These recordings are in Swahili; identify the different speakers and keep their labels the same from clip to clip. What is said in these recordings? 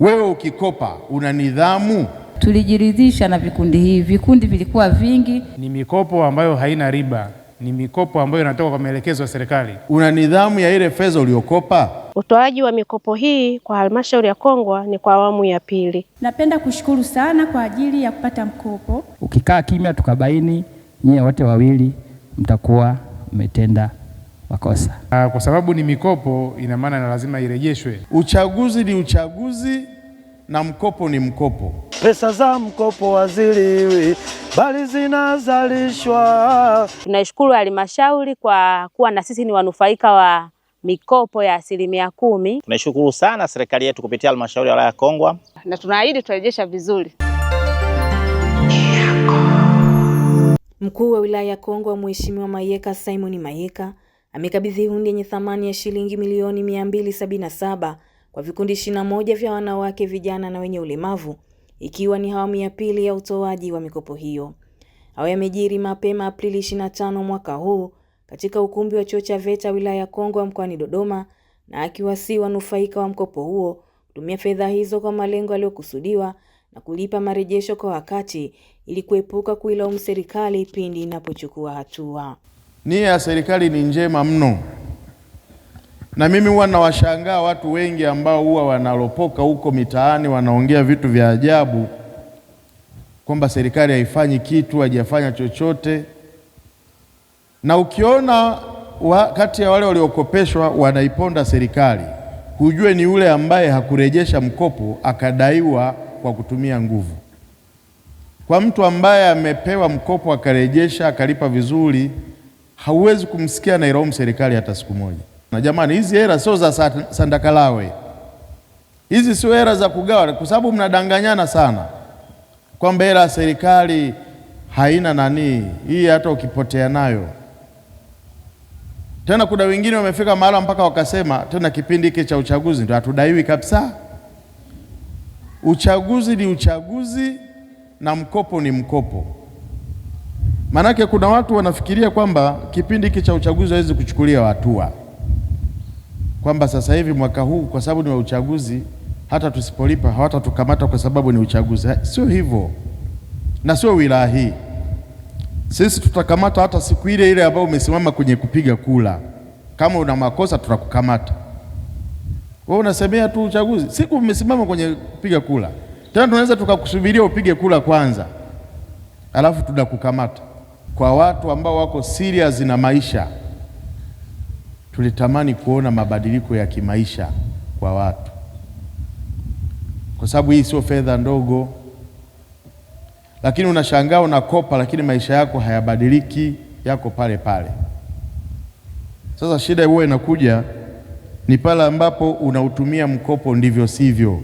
Speaker 1: Wewe ukikopa una nidhamu?
Speaker 2: Tulijiridhisha na vikundi hivi, vikundi vilikuwa vingi.
Speaker 1: Ni mikopo ambayo haina riba, ni mikopo ambayo inatoka kwa maelekezo ya serikali. Una nidhamu ya ile fedha uliokopa?
Speaker 3: Utoaji wa mikopo hii kwa halmashauri ya Kongwa ni kwa awamu ya pili.
Speaker 4: Napenda kushukuru sana kwa ajili ya kupata mkopo.
Speaker 5: Ukikaa kimya tukabaini, nyie wote wawili mtakuwa mmetenda makosa.
Speaker 1: Ah, kwa sababu ni mikopo, ina maana na lazima irejeshwe. Uchaguzi ni uchaguzi na mkopo ni mkopo.
Speaker 6: Pesa za mkopo haziliwi bali zinazalishwa.
Speaker 3: Tunaishukuru halmashauri kwa kuwa na sisi ni wanufaika wa mikopo ya asilimia kumi.
Speaker 7: Tunaishukuru sana serikali yetu kupitia halmashauri ya wilaya ya Kongwa,
Speaker 8: na tunaahidi tutarejesha vizuri.
Speaker 9: Mkuu wa wilaya ya Kongwa Mheshimiwa Mayeka Simon Mayeka amekabidhi hundi yenye thamani ya shilingi milioni 277 kwa vikundi 21 vya wanawake, vijana na wenye ulemavu ikiwa ni awamu ya pili ya utoaji wa mikopo hiyo. Hayo yamejiri mapema Aprili 25 mwaka huu katika ukumbi wa chuo cha VETA wilaya ya Kongwa mkoani Dodoma, na akiwasihi wanufaika wa mkopo huo kutumia fedha hizo kwa malengo yaliyokusudiwa na kulipa marejesho kwa wakati ili kuepuka kuilaumu serikali pindi inapochukua hatua.
Speaker 1: Nia ya serikali ni njema mno, na mimi huwa nawashangaa watu wengi ambao huwa wanalopoka huko mitaani wanaongea vitu vya ajabu kwamba serikali haifanyi kitu, haijafanya chochote. Na ukiona wa, kati ya wale waliokopeshwa wanaiponda serikali, hujue ni yule ambaye hakurejesha mkopo akadaiwa kwa kutumia nguvu. Kwa mtu ambaye amepewa mkopo akarejesha akalipa vizuri hauwezi kumsikia nailaumu serikali hata siku moja. Na jamani, hizi hela sio za sandakalawe, hizi sio hela za kugawa, kwa sababu mnadanganyana sana kwamba hela ya serikali haina nani. Hii hata ukipotea nayo tena. Kuna wengine wamefika mahala mpaka wakasema tena kipindi hiki cha uchaguzi ndio hatudaiwi kabisa. Uchaguzi ni uchaguzi na mkopo ni mkopo. Maanake kuna watu wanafikiria kwamba kipindi hiki cha uchaguzi hawezi kuchukulia hatua, kwamba sasa hivi mwaka huu kwa sababu ni wa uchaguzi, hata tusipolipa hawatatukamata kwa sababu ni uchaguzi. Sio hivyo, na sio wilaya hii. Sisi tutakamata hata siku ile ile ambayo umesimama kwenye kupiga kula. Kama una makosa, tutakukamata wewe. Unasemea tu uchaguzi, siku umesimama kwenye kupiga kula. Tena tunaweza tukakusubiria upige kula kwanza, alafu tunakukamata kwa watu ambao wako serious na maisha, tulitamani kuona mabadiliko ya kimaisha kwa watu, kwa sababu hii sio fedha ndogo. Lakini unashangaa unakopa, lakini maisha yako hayabadiliki, yako pale pale. Sasa shida huwa inakuja ni pale ambapo unautumia mkopo ndivyo sivyo.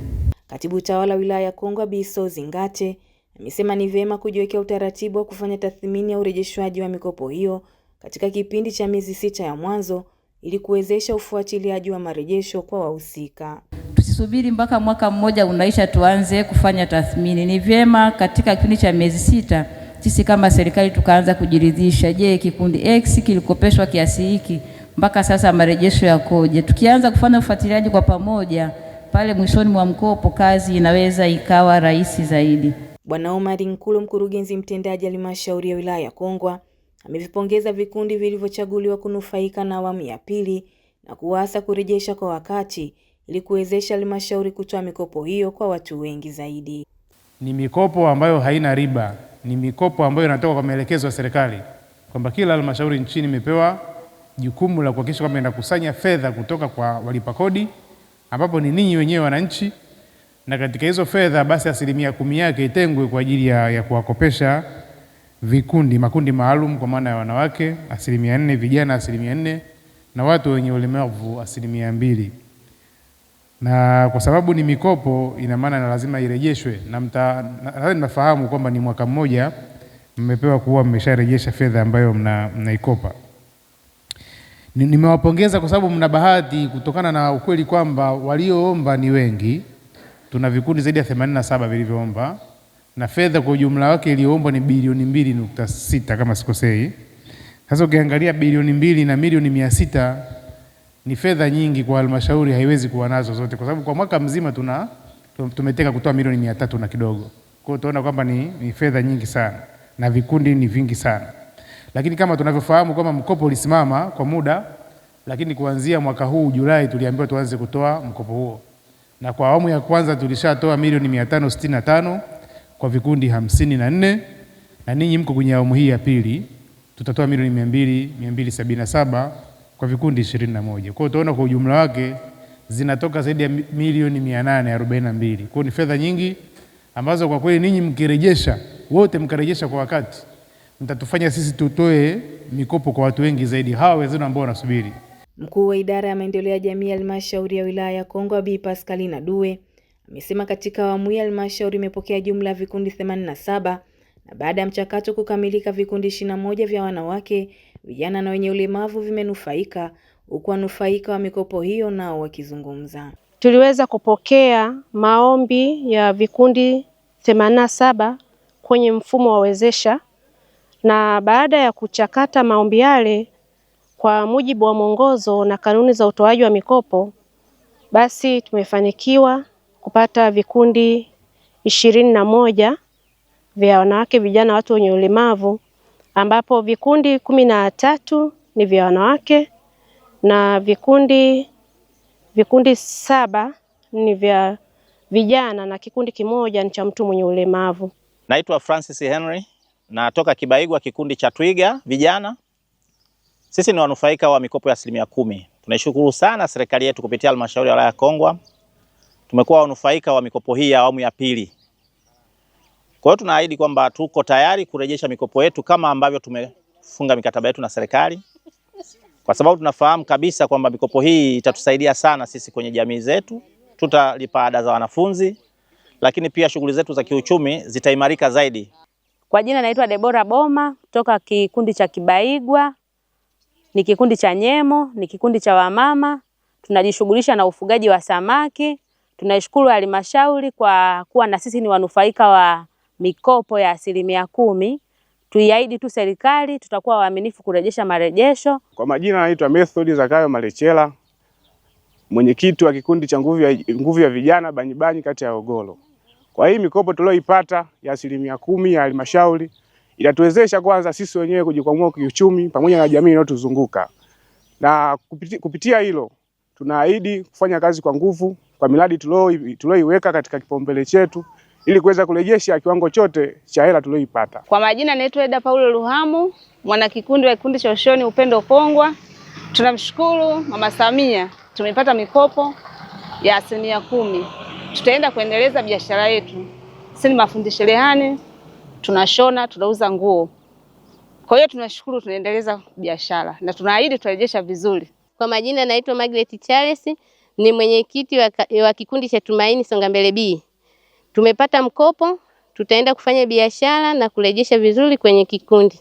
Speaker 9: Katibu tawala wilaya ya Kongwa Bi Sozi Ngate amesema ni vyema kujiwekea utaratibu wa kufanya tathmini ya urejeshwaji wa mikopo hiyo katika kipindi cha miezi sita ya mwanzo ili kuwezesha ufuatiliaji wa marejesho kwa wahusika.
Speaker 10: Tusisubiri mpaka mwaka mmoja unaisha tuanze kufanya tathmini. Ni vyema katika kipindi cha miezi sita sisi kama serikali tukaanza kujiridhisha, je, kikundi X kilikopeshwa kiasi hiki mpaka sasa marejesho yakoje? Tukianza kufanya ufuatiliaji kwa pamoja, pale mwishoni mwa mkopo kazi inaweza ikawa rahisi zaidi.
Speaker 3: Bwana Omar Nkulu, mkurugenzi mtendaji halmashauri ya wilaya ya Kongwa, amevipongeza vikundi vilivyochaguliwa kunufaika na awamu ya pili na kuwaasa kurejesha kwa wakati ili kuwezesha halmashauri kutoa mikopo hiyo kwa watu wengi zaidi.
Speaker 1: Ni mikopo ambayo haina riba, ni mikopo ambayo inatoka kwa maelekezo ya serikali kwamba kila halmashauri nchini imepewa jukumu la kuhakikisha kwamba inakusanya fedha kutoka kwa walipa kodi, ambapo ni ninyi wenyewe wananchi na katika hizo fedha basi asilimia kumi yake itengwe kwa ajili ya, ya kuwakopesha vikundi makundi maalum kwa maana ya wanawake asilimia nne, vijana asilimia nne na watu wenye ulemavu asilimia mbili. Na kwa sababu ni mikopo, ina maana na lazima irejeshwe, na nadhani nafahamu kwamba ni mwaka mmoja mmepewa kuwa mmesharejesha fedha ambayo mnaikopa. Mna nimewapongeza kwa sababu mna bahati kutokana na ukweli kwamba walioomba ni wengi tuna vikundi zaidi ya 87 vilivyoomba na fedha kwa ujumla wake iliyoombwa ni bilioni mbili nukta sita kama sikosei. Sasa ukiangalia bilioni mbili na milioni mia sita ni fedha nyingi kwa halmashauri, haiwezi kuwa nazo zote, kwa sababu kwa mwaka mzima tuna tumeteka kutoa milioni mia tatu na kidogo. Kwa hiyo tunaona kwamba ni, ni fedha nyingi sana na vikundi ni vingi sana, lakini kama tunavyofahamu kwamba mkopo ulisimama kwa muda, lakini kuanzia mwaka huu Julai tuliambiwa tuanze kutoa mkopo huo na kwa awamu ya kwanza tulishatoa milioni 565 kwa vikundi 54 na ninyi mko kwenye awamu hii ya pili tutatoa milioni 200 277 kwa vikundi 21. Kwa hiyo utaona kwa ujumla wake zinatoka zaidi ya milioni 842. Kwa ni fedha nyingi ambazo kwa kweli ninyi mkirejesha wote mkarejesha kwa wakati mtatufanya sisi tutoe mikopo kwa watu wengi zaidi hawa wenzenu ambao wanasubiri.
Speaker 9: Mkuu wa idara ya maendeleo ya jamii ya halmashauri ya wilaya ya Kongwa Bi Pascalina due amesema katika awamu hii halmashauri imepokea jumla ya vikundi 87 na baada ya mchakato kukamilika vikundi 21 vya wanawake, vijana na wenye ulemavu vimenufaika, huku wanufaika wa mikopo hiyo nao wakizungumza.
Speaker 11: Tuliweza kupokea maombi ya vikundi 87 kwenye mfumo wa wezesha, na baada ya kuchakata maombi yale kwa mujibu wa mwongozo na kanuni za utoaji wa mikopo, basi tumefanikiwa kupata vikundi ishirini na moja vya wanawake, vijana, watu wenye ulemavu ambapo vikundi kumi na tatu ni vya wanawake na vikundi vikundi saba ni vya vijana na kikundi kimoja ni cha mtu mwenye ulemavu.
Speaker 12: Naitwa Francis Henry, natoka Kibaigwa, kikundi cha Twiga vijana. Sisi ni wanufaika wa mikopo ya asilimia kumi. Tunaishukuru sana serikali yetu kupitia halmashauri ya wilaya ya Kongwa, tumekuwa wanufaika wa mikopo hii ya awamu ya pili. Kwa hiyo tunaahidi kwamba tuko tayari kurejesha mikopo yetu kama ambavyo tumefunga mikataba yetu na serikali, kwa sababu tunafahamu kabisa kwamba mikopo hii itatusaidia sana sisi kwenye jamii zetu. Tutalipa ada za wanafunzi, lakini pia shughuli zetu za kiuchumi zitaimarika zaidi.
Speaker 13: Kwa jina naitwa Debora Boma kutoka kikundi cha Kibaigwa ni kikundi cha Nyemo, ni kikundi cha wamama, tunajishughulisha na ufugaji wa samaki. tunashukuru halmashauri kwa kuwa na sisi ni wanufaika wa mikopo ya asilimia kumi. Tuiahidi tu serikali tutakuwa waaminifu kurejesha marejesho.
Speaker 1: Kwa majina anaitwa Method Zakayo Malechela, mwenyekiti wa kikundi cha nguvu ya, nguvu ya vijana Banyibanyi kata ya Ogolo. Kwa hii mikopo tulioipata ya asilimia kumi ya halmashauri Itatuwezesha kwanza sisi wenyewe kujikwamua kiuchumi pamoja na jamii inayotuzunguka, na kupitia hilo tunaahidi kufanya kazi kwa nguvu kwa miradi tulioiweka katika kipaumbele chetu ili kuweza kurejesha kiwango chote cha hela tulioipata.
Speaker 14: Kwa majina naitwa Eda Paulo Luhamu, mwanakikundi wa kikundi cha Ushoni Upendo Kongwa. Tunamshukuru Mama Samia, tumepata mikopo ya asilimia kumi. Tutaenda kuendeleza biashara yetu. Sisi ni mafundi cherehani, tunashona, tunauza nguo. Kwa hiyo tunashukuru, tunaendeleza biashara na tunaahidi tutarejesha vizuri.
Speaker 15: Kwa majina naitwa Margaret Charles, ni mwenyekiti wa, wa kikundi cha Tumaini Songa Mbele B. Tumepata mkopo, tutaenda kufanya biashara na kurejesha vizuri kwenye kikundi.